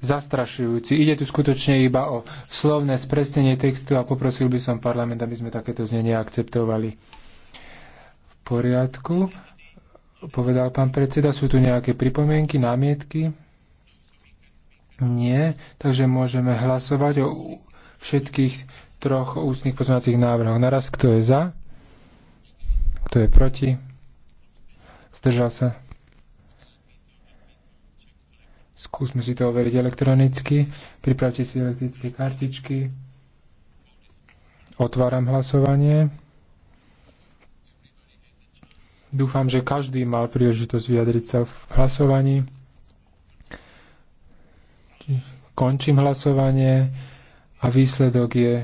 zastrašujúci. Ide tu skutočne iba o slovné spresnenie textu a poprosil by som parlament, aby sme takéto znenie akceptovali. V poriadku, povedal pán predseda. Sú tu nejaké pripomienky, námietky? Nie, takže môžeme hlasovať o všetkých troch ústnych pozmeňovacích návrhoch. Naraz, kto je za? Kto je proti? Zdržal sa? Skúsme si to overiť elektronicky. Pripravte si elektrické kartičky. Otváram hlasovanie. Dúfam, že každý mal príležitosť vyjadriť sa v hlasovaní. Končím hlasovanie a výsledok je,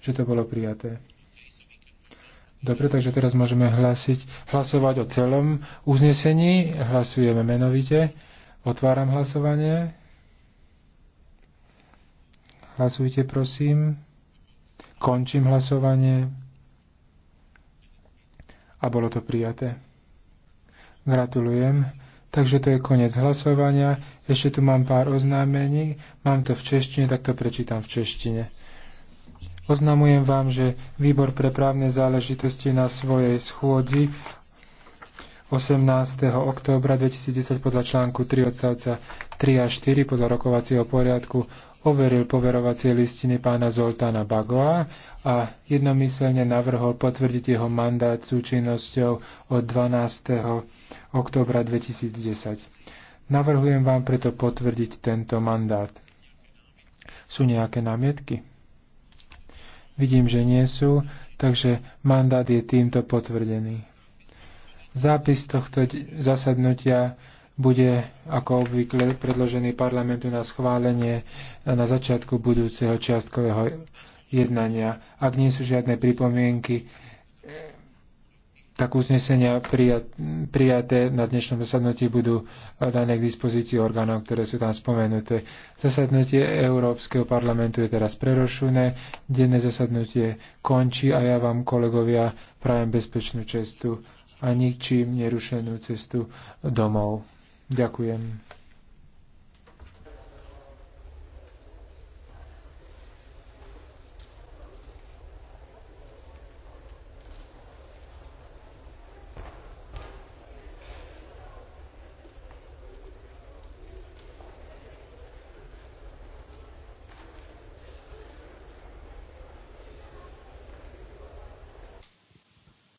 že to bolo prijaté. Dobre, takže teraz môžeme hlasiť, hlasovať o celom uznesení. Hlasujeme menovite. Otváram hlasovanie. Hlasujte, prosím. Končím hlasovanie. A bolo to prijaté. Gratulujem. Takže to je koniec hlasovania. Ešte tu mám pár oznámení. Mám to v češtine, tak to prečítam v češtine. Oznamujem vám, že Výbor pre právne záležitosti na svojej schôdzi 18. októbra 2010 podľa článku 3 odstavca 3 a 4 podľa rokovacieho poriadku overil poverovacie listiny pána Zoltána Bagoa a jednomyselne navrhol potvrdiť jeho mandát súčinnosťou od 12. októbra 2010. Navrhujem vám preto potvrdiť tento mandát. Sú nejaké námietky? Vidím, že nie sú, takže mandát je týmto potvrdený. Zápis tohto zasadnutia bude ako obvykle predložený parlamentu na schválenie na začiatku budúceho čiastkového jednania. Ak nie sú žiadne pripomienky, tak uznesenia prijaté na dnešnom zasadnutí budú eh, dané k dispozícii orgánov, ktoré sú tam spomenuté. Zasadnutie Európskeho parlamentu je teraz prerošené, denné zasadnutie končí a ja vám, kolegovia, prajem bezpečnú cestu a ničím nerušenú cestu domov. Ďakujem.